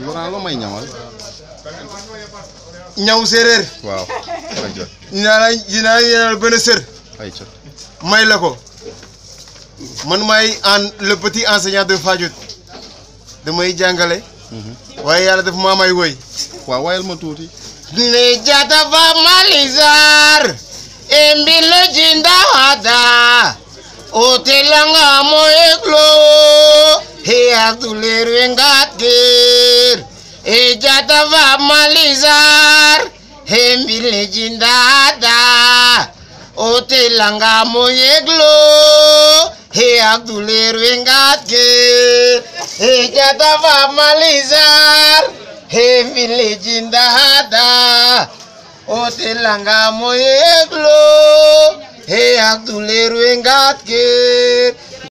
Laurent loo may ñawal. ñaw séeréer. waaw. dinaa la dinaa ñaanal benn may la ko. man maay en le petit enseignant de Fadiouth damay jàngale. Mhm. waaye yàlla daf maa woy. waaw wayal ma tuuti. ne jata ba malizar embilo jinda hada otelanga moye azulir wengatir ijata e vamalizar hembilejindada otelanga moyeglo he azulir wengatir ijata e vamalizar hembilejindada otelanga moyeglo he azulir wengatir